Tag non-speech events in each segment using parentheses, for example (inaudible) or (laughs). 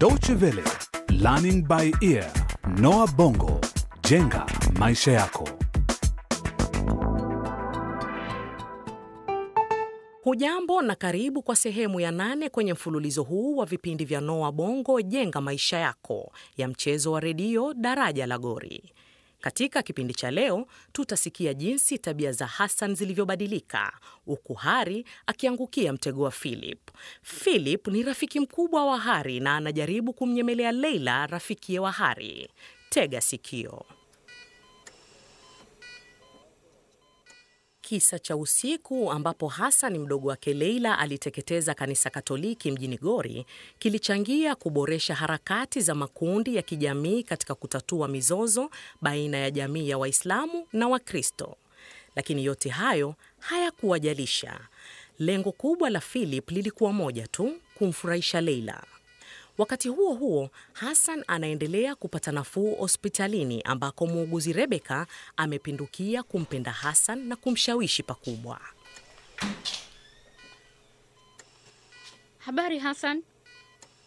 Deutsche Welle, Learning by Ear, Noah Bongo, Jenga Maisha Yako. Hujambo na karibu kwa sehemu ya nane kwenye mfululizo huu wa vipindi vya Noah Bongo, Jenga Maisha Yako ya mchezo wa redio Daraja la Gori. Katika kipindi cha leo tutasikia jinsi tabia za Hassan zilivyobadilika, huku Hari akiangukia mtego wa Philip. Philip ni rafiki mkubwa wa Hari na anajaribu kumnyemelea Leila, rafikiye wa Hari. Tega sikio. kisa cha usiku ambapo hasani mdogo wake Leila aliteketeza kanisa Katoliki mjini Gori kilichangia kuboresha harakati za makundi ya kijamii katika kutatua mizozo baina ya jamii ya Waislamu na Wakristo. Lakini yote hayo hayakuwajalisha. Lengo kubwa la Philip lilikuwa moja tu, kumfurahisha Leila. Wakati huo huo, Hassan anaendelea kupata nafuu hospitalini ambako muuguzi Rebeka amepindukia kumpenda Hassan na kumshawishi pakubwa. Habari Hassan,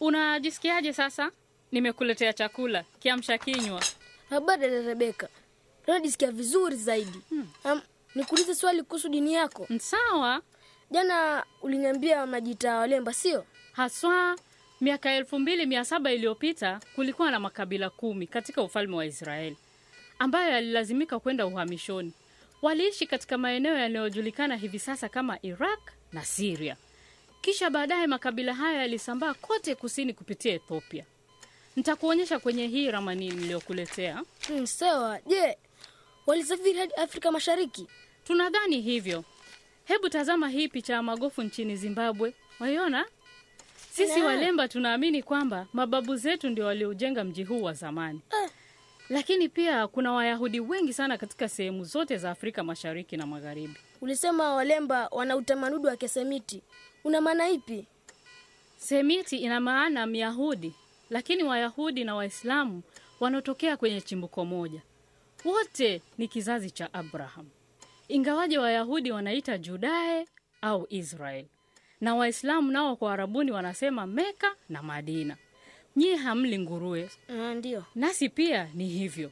unajisikiaje sasa? Nimekuletea chakula, kiamsha kinywa. Habari ya Rebeka, najisikia vizuri zaidi. Hmm. Um, nikuulize swali kuhusu dini yako. Sawa. Jana uliniambia majita Walemba, sio haswa? Miaka elfu mbili mia saba iliyopita kulikuwa na makabila kumi katika ufalme wa Israeli ambayo yalilazimika kwenda uhamishoni. Waliishi katika maeneo yanayojulikana hivi sasa kama Iraq na Siria. Kisha baadaye makabila haya yalisambaa kote kusini kupitia Ethiopia. Nitakuonyesha kwenye hii ramani niliyokuletea. Mm, sawa. Je, yeah. Walisafiri hadi Afrika Mashariki? Tunadhani hivyo. Hebu tazama hii picha ya magofu nchini Zimbabwe. Waiona? Sisi na. Walemba tunaamini kwamba mababu zetu ndio waliojenga mji huu wa zamani uh. Lakini pia kuna Wayahudi wengi sana katika sehemu zote za Afrika Mashariki na Magharibi. Ulisema Walemba wana utamaduni wa Kesemiti, una maana ipi? Semiti ina maana Myahudi, lakini Wayahudi na Waislamu wanaotokea kwenye chimbuko moja, wote ni kizazi cha Abraham, ingawaje Wayahudi wanaita Judae au Israeli na Waislamu nao kwa Arabuni wanasema Meka na Madina. Nyie hamli ngurue ah, ndio. Nasi pia ni hivyo.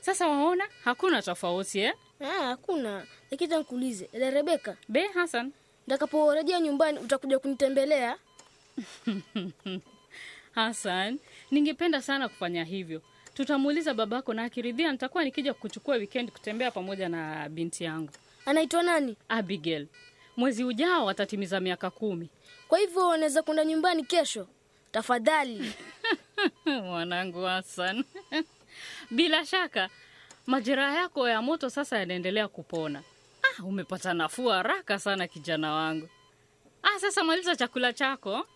Sasa waona hakuna tofauti eh? Ah, hakuna. ikita nkulize ile Rebeka be hasan ndakaporejea nyumbani utakuja kunitembelea? (laughs) hasan ningependa sana kufanya hivyo. Tutamuuliza babako na akiridhia nitakuwa nikija kuchukua wikendi kutembea pamoja na binti yangu. Anaitwa nani? Abigail mwezi ujao watatimiza miaka kumi. Kwa hivyo wanaweza kwenda nyumbani kesho, tafadhali. (laughs) Mwanangu Hassan, (laughs) bila shaka majeraha yako ya moto sasa yanaendelea kupona. Ah, umepata nafuu haraka sana kijana wangu. Ah, sasa maliza chakula chako.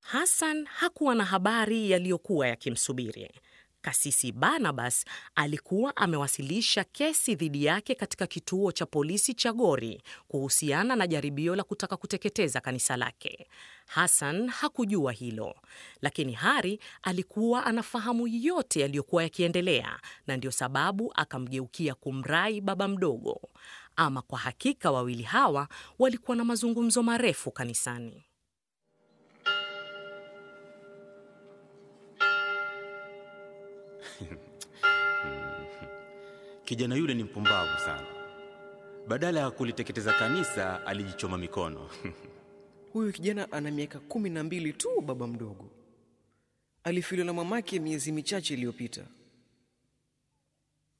Hassan hakuwa na habari yaliyokuwa yakimsubiri. Kasisi Barnabas alikuwa amewasilisha kesi dhidi yake katika kituo cha polisi cha Gori kuhusiana na jaribio la kutaka kuteketeza kanisa lake. Hassan hakujua hilo, lakini Hari alikuwa anafahamu yote yaliyokuwa yakiendelea, na ndiyo sababu akamgeukia kumrai baba mdogo. Ama kwa hakika wawili hawa walikuwa na mazungumzo marefu kanisani. Kijana yule ni mpumbavu sana. Badala ya kuliteketeza kanisa, alijichoma mikono. (laughs) Huyu kijana ana miaka kumi na mbili tu, baba mdogo. alifiliwa na mamake miezi michache iliyopita.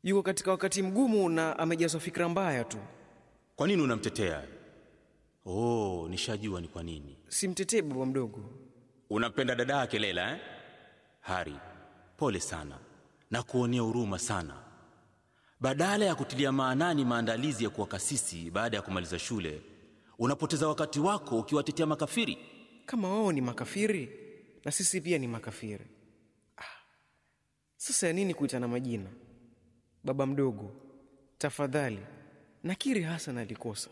Yuko katika wakati mgumu na amejazwa fikra mbaya tu. Kwa nini unamtetea? Oh, nishajua ni kwa nini. Simtetee baba mdogo. unapenda dada yake lela eh? Hari, pole sana, na kuonea huruma sana. Badala ya kutilia maanani maandalizi ya kuwa kasisi baada ya kumaliza shule, unapoteza wakati wako ukiwatetea makafiri. Kama wao ni makafiri na sisi pia ni makafiri, ah, sasa ya nini kuitana majina? Baba mdogo, tafadhali nakiri, hasa alikosa,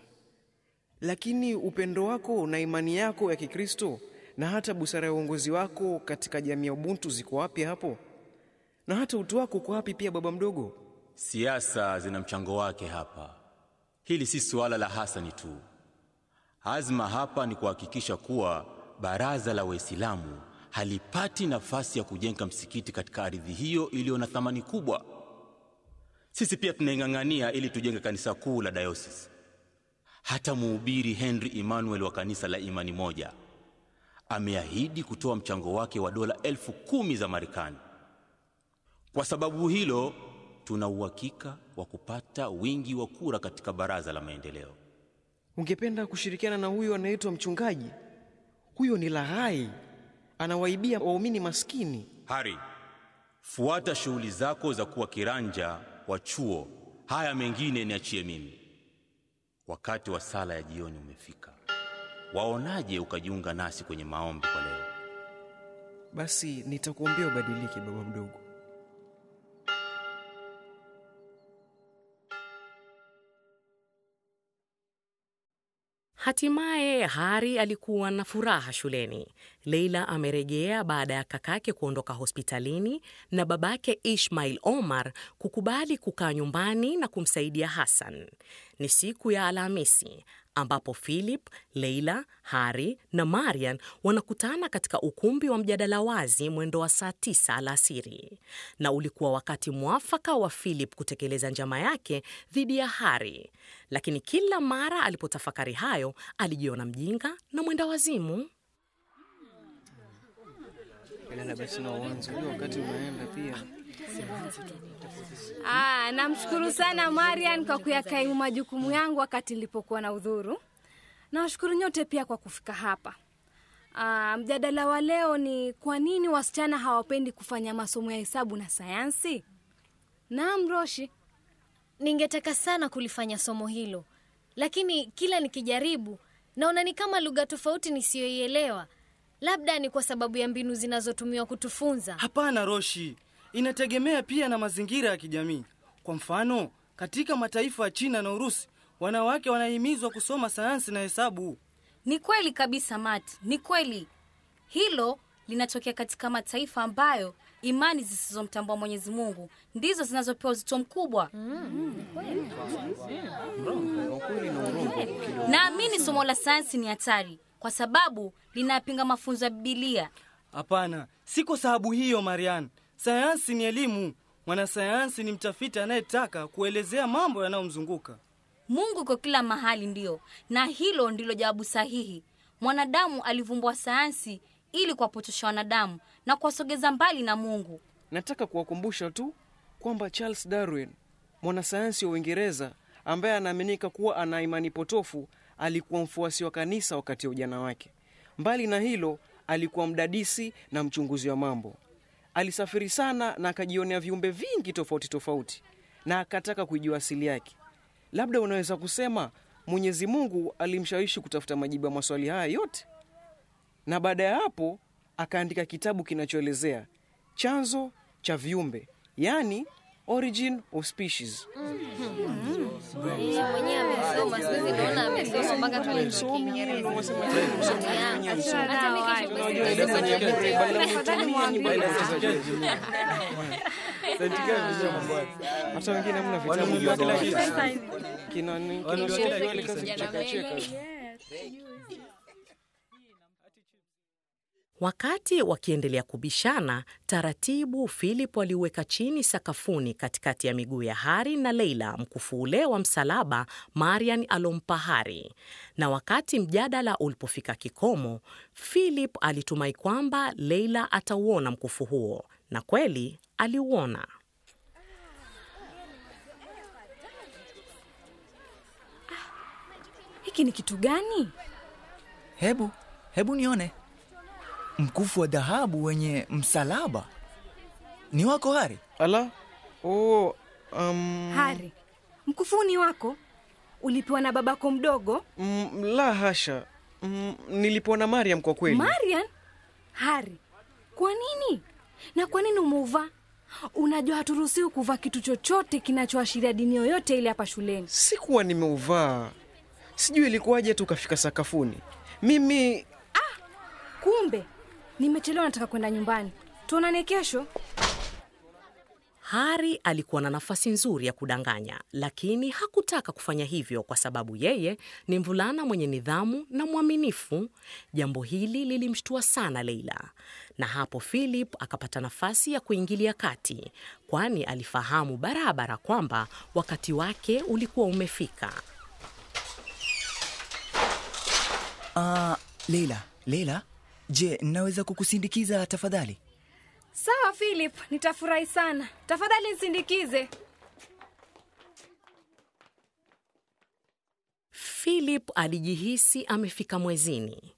lakini upendo wako na imani yako ya Kikristo na hata busara ya uongozi wako katika jamii ya Ubuntu ziko wapi hapo? Na hata utu wako uko wapi pia, baba mdogo? Siasa zina mchango wake hapa. Hili si suala la Hasani tu. Azma hapa ni kuhakikisha kuwa baraza la Waislamu halipati nafasi ya kujenga msikiti katika ardhi hiyo iliyo na thamani kubwa. Sisi pia tunaing'ang'ania ili tujenge kanisa kuu la dayosisi. Hata mhubiri Henry Emmanuel wa kanisa la Imani Moja ameahidi kutoa mchango wake wa dola elfu kumi za Marekani. Kwa sababu hilo tuna uhakika wa kupata wingi wa kura katika baraza la maendeleo. Ungependa kushirikiana na huyo anaitwa mchungaji? Huyo ni laghai, anawaibia waumini maskini. Hari, fuata shughuli zako za kuwa kiranja wa chuo, haya mengine niachie mimi. Wakati wa sala ya jioni umefika. Waonaje ukajiunga nasi kwenye maombi kwa leo? Basi nitakuombea ubadilike, baba mdogo. Hatimaye Hari alikuwa na furaha shuleni. Leila amerejea baada ya kakake kuondoka hospitalini na babake Ismail Omar kukubali kukaa nyumbani na kumsaidia Hassan. Ni siku ya Alhamisi ambapo Philip, Leila, Hari na Marian wanakutana katika ukumbi wa mjadala wazi mwendo wa saa tisa alasiri, na ulikuwa wakati mwafaka wa Philip kutekeleza njama yake dhidi ya Hari, lakini kila mara alipotafakari hayo alijiona mjinga na mwenda wazimu. Unaenda basi na uanze, unajua wakati unaenda pia Ah, namshukuru sana Marian kwa kuyakaimu majukumu yangu wakati nilipokuwa na udhuru. Nawashukuru nyote pia kwa kufika hapa. Ah, mjadala wa leo ni kwa nini wasichana hawapendi kufanya masomo ya hesabu na sayansi? Naam, Roshi, ningetaka sana kulifanya somo hilo, lakini kila nikijaribu naona ni kama lugha tofauti nisiyoielewa. Labda ni kwa sababu ya mbinu zinazotumiwa kutufunza. Hapana Roshi, inategemea pia na mazingira ya kijamii. Kwa mfano, katika mataifa ya China na Urusi, wanawake wanahimizwa kusoma sayansi na hesabu. Ni kweli kabisa mat ni kweli hilo linatokea katika mataifa ambayo imani zisizomtambua Mwenyezi Mungu ndizo zinazopewa uzito mkubwa. Mm, Naamini somo la sayansi ni hatari, kwa sababu linapinga mafunzo ya Bibilia. Hapana, si kwa sababu hiyo Marian. Sayansi ni elimu. Mwanasayansi ni mtafiti anayetaka kuelezea mambo yanayomzunguka. Mungu iko kila mahali, ndiyo, na hilo ndilo jawabu sahihi. Mwanadamu alivumbua sayansi ili kuwapotosha wanadamu na kuwasogeza mbali na Mungu. Nataka kuwakumbusha tu kwamba Charles Darwin, mwanasayansi wa Uingereza ambaye anaaminika kuwa ana imani potofu, alikuwa mfuasi wa kanisa wakati wa ujana wake. Mbali na hilo, alikuwa mdadisi na mchunguzi wa mambo. Alisafiri sana na akajionea viumbe vingi tofauti tofauti, na akataka kuijua asili yake. Labda unaweza kusema Mwenyezi Mungu alimshawishi kutafuta majibu ya maswali haya yote, na baada ya hapo akaandika kitabu kinachoelezea chanzo cha viumbe, yani Origin of Species. Mm-hmm. Yeye mwenyewe amesoma, siku Wakati wakiendelea kubishana taratibu, Philip aliuweka chini sakafuni katikati ya miguu ya Hari na Leila mkufu ule wa msalaba Marian alompa Hari, na wakati mjadala ulipofika kikomo, Philip alitumai kwamba Leila atauona mkufu huo, na kweli aliuona. Ah, hiki ni kitu gani? Hebu hebu nione mkufu wa dhahabu wenye msalaba ni wako Hari? Ala, oh, um... Hari, mkufu ni wako? Ulipewa na babako mdogo? Mm, la hasha. Mm, nilipewa na Mariam kwa kweli. Mariam? Hari, kwa nini? Na kwa nini umeuvaa? Unajua haturuhusiwi kuvaa kitu chochote kinachoashiria dini yoyote ile hapa shuleni. Sikuwa nimeuvaa, sijui ilikuwaje tu ukafika sakafuni. Mimi ah, kumbe Nimechelewa, nataka kwenda nyumbani. Tuonane kesho. Hari alikuwa na nafasi nzuri ya kudanganya, lakini hakutaka kufanya hivyo kwa sababu yeye ni mvulana mwenye nidhamu na mwaminifu. Jambo hili lilimshtua sana Leila, na hapo Philip akapata nafasi ya kuingilia kati, kwani alifahamu barabara kwamba wakati wake ulikuwa umefika. Uh, Leila, Leila Je, naweza kukusindikiza tafadhali? Sawa Philip, nitafurahi sana. Tafadhali nsindikize Philip alijihisi amefika mwezini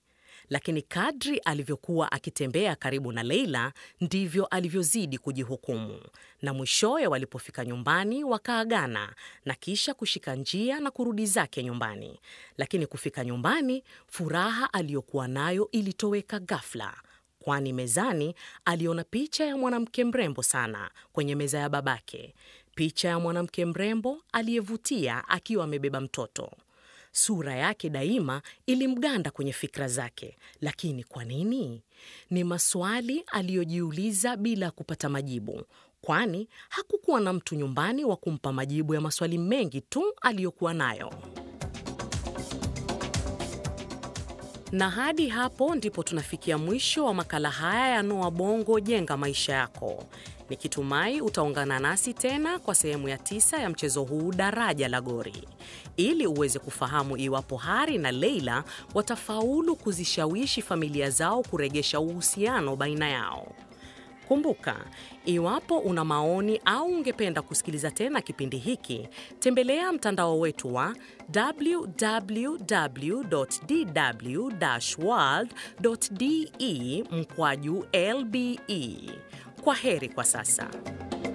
lakini kadri alivyokuwa akitembea karibu na Leila ndivyo alivyozidi kujihukumu, na mwishoye walipofika nyumbani wakaagana na kisha kushika njia na kurudi zake nyumbani. Lakini kufika nyumbani, furaha aliyokuwa nayo ilitoweka ghafla, kwani mezani aliona picha ya mwanamke mrembo sana kwenye meza ya babake, picha ya mwanamke mrembo aliyevutia akiwa amebeba mtoto. Sura yake daima ilimganda kwenye fikra zake, lakini kwa nini? Ni maswali aliyojiuliza bila kupata majibu, kwani hakukuwa na mtu nyumbani wa kumpa majibu ya maswali mengi tu aliyokuwa nayo. Na hadi hapo ndipo tunafikia mwisho wa makala haya ya Noa Bongo, jenga maisha yako, nikitumai utaungana nasi tena kwa sehemu ya tisa ya mchezo huu daraja la gori, ili uweze kufahamu iwapo Hari na Leila watafaulu kuzishawishi familia zao kuregesha uhusiano baina yao. Kumbuka, iwapo una maoni au ungependa kusikiliza tena kipindi hiki, tembelea mtandao wetu wa www.dw-world.de mkwaju lbe. Kwa heri kwa sasa.